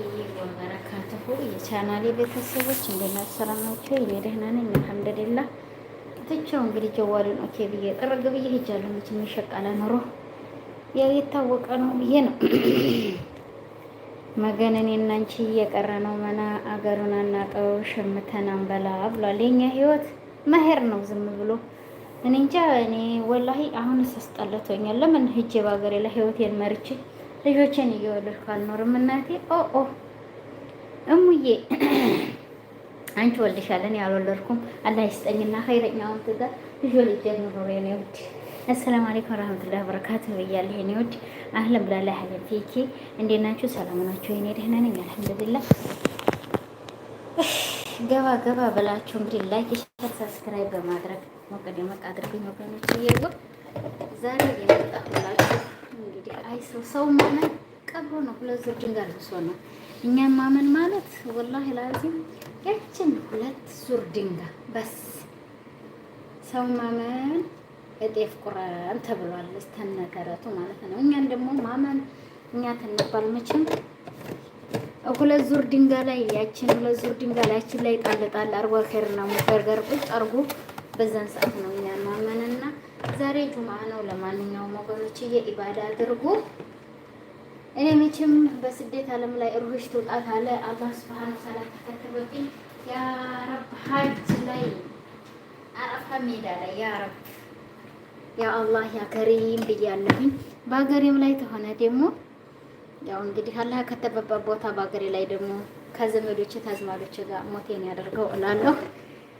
ወረህመቱላሂ ወበረካቱሁ የቻናሌ ቤተሰቦች እንደምን አሰራናችሁ? እኔ ደህና ነኝ አልሐምዱሊላህ። ትቼው እንግዲህ ኦኬ ብዬ ጥርግ ብዬ ሄጃለሁ። መቼም ኑሮ ያው የታወቀ ነው ብዬ ነው መገነኔ እና አንቺ እየቀረ ነው መና አገሩን አናቀው ሸምተን አንበላ ብሏል። የኛ ህይወት መሄር ነው ዝም ብሎ እኔ እንጃ። እኔ ወላሂ አሁን ለምን በሀገሬ ላይ ህይወቴን መርቼ ልጆችን እየወለድኩ አልኖርም እናቴ። ኦ እሙዬ አንቺ ወልድሻል፣ ያልወለድኩም አልወለድኩም። አላህ ይስጠኝና ኸይረኛውን ትዳር ልጆ ልጅ ኑሮ የኔ ውድ። አሰላሙ አለይኩም ወራህመቱላሂ ወበረካቱ ብያለሁ የኔ ውድ። አህለን ብላላ አህለን ፊኪ። እንዴት ናችሁ? ሰላም ናችሁ? የኔ ደህና ነኝ አልሐምዱሊላህ። ገባ ገባ ብላችሁ እንግዲህ ላይክ፣ ሼር፣ ሰብስክራይብ በማድረግ ሞቀደ መቃ አድርጉኝ ወገኖች። ይየው ዛሬ የመጣሁላችሁ እንግዲህ አይ ሰው ሰው ማመን ቀብሮ ነው። ሁለት ዙር ድንጋይ ልብሶ ነው። እኛም ማመን ማለት ወላሂ ላዚም ያችን ሁለት ዙር ድንጋይ በስ ሰው ማመን እጤፍ ቁራን ተብሏል። እስተነገረቱ ማለት ነው። እኛን ደግሞ ማመን እኛ ትንባል መቼም ሁለት ዙር ድንጋይ ላይ ያችን ሁለት ዙር ድንጋይ ላይ ያችን ላይ ጣል ጣል አርጓ ቁጭ አርጎ በዛን ሰዓት ነው እኛን ማመን ዛሬ ጁምአ ነው። ለማንኛውም ወገኖች የኢባዳ አድርጉ። እኔ መቼም በስደት ዓለም ላይ ሩህሽ ትውጣት አለ አላህ ስብሐነ ወተዓላ ተከተበብኝ። ያ ረብ ሀጅ ላይ አረፋ ሜዳ ላይ ያ ረብ ያ አላህ ያ ከሪም ብያለሁኝ። በሀገሬም ላይ ተሆነ ደግሞ ያው እንግዲህ አላህ ከተበባ ቦታ በሀገሬ ላይ ደግሞ ከዘመዶች ታዝማዶቼ ጋር ሞቴን ያደርገው እላለሁ።